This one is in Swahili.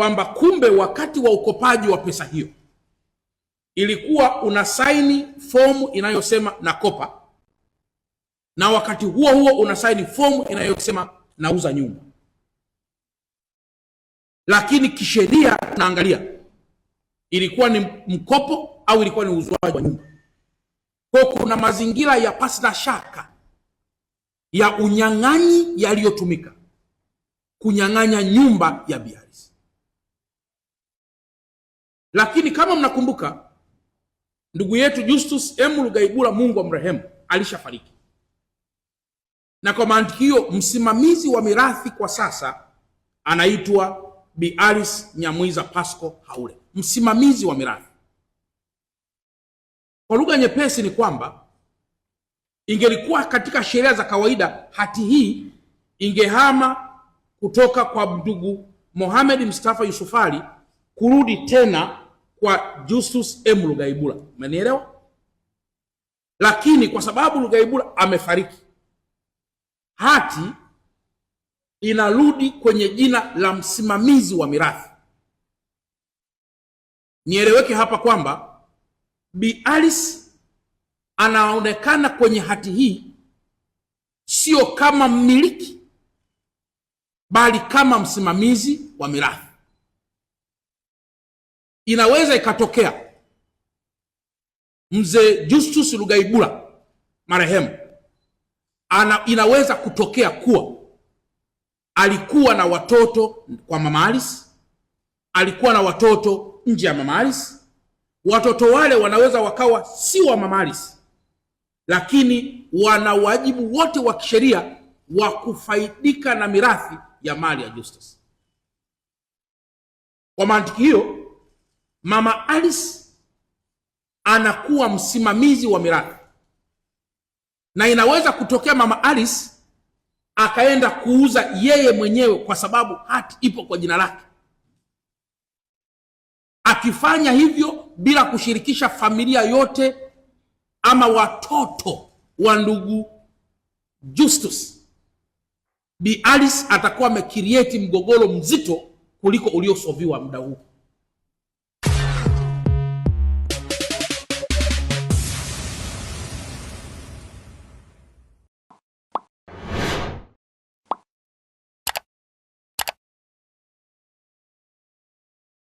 kwamba kumbe wakati wa ukopaji wa pesa hiyo ilikuwa una saini fomu inayosema nakopa, na wakati huo huo una saini fomu inayosema nauza nyumba. Lakini kisheria tunaangalia ilikuwa ni mkopo au ilikuwa ni uuzwaji wa nyumba. Kwa kuna mazingira ya pasi na shaka ya unyang'anyi yaliyotumika kunyang'anya nyumba ya Biharis. Lakini kama mnakumbuka, ndugu yetu Justus M. Lugaibula, Mungu mrehemu alishafariki na kwa maandikio, msimamizi wa mirathi kwa sasa anaitwa Bi Alice Nyamwiza Pasco Haule, msimamizi wa mirathi. Kwa lugha nyepesi ni kwamba ingelikuwa katika sheria za kawaida, hati hii ingehama kutoka kwa ndugu Mohamed Mustafa Yusufali kurudi tena kwa Justus M Lugaibula, umenielewa? Lakini kwa sababu Lugaibula amefariki, hati inarudi kwenye jina la msimamizi wa mirathi. Nieleweke hapa kwamba Bi Alice anaonekana kwenye hati hii sio kama mmiliki, bali kama msimamizi wa mirathi inaweza ikatokea mzee Justus Lugaibula marehemu ana, inaweza kutokea kuwa alikuwa na watoto kwa mama Alice, alikuwa na watoto nje ya mama Alice. Watoto wale wanaweza wakawa si wa mama Alice, lakini wana wajibu wote wa kisheria wa kufaidika na mirathi ya mali ya Justus. Kwa mantiki hiyo Mama Alice anakuwa msimamizi wa miradi, na inaweza kutokea Mama Alice akaenda kuuza yeye mwenyewe, kwa sababu hati ipo kwa jina lake. Akifanya hivyo bila kushirikisha familia yote ama watoto wa ndugu Justus, Bi Alice atakuwa amekirieti mgogoro mzito kuliko uliosoviwa muda huu.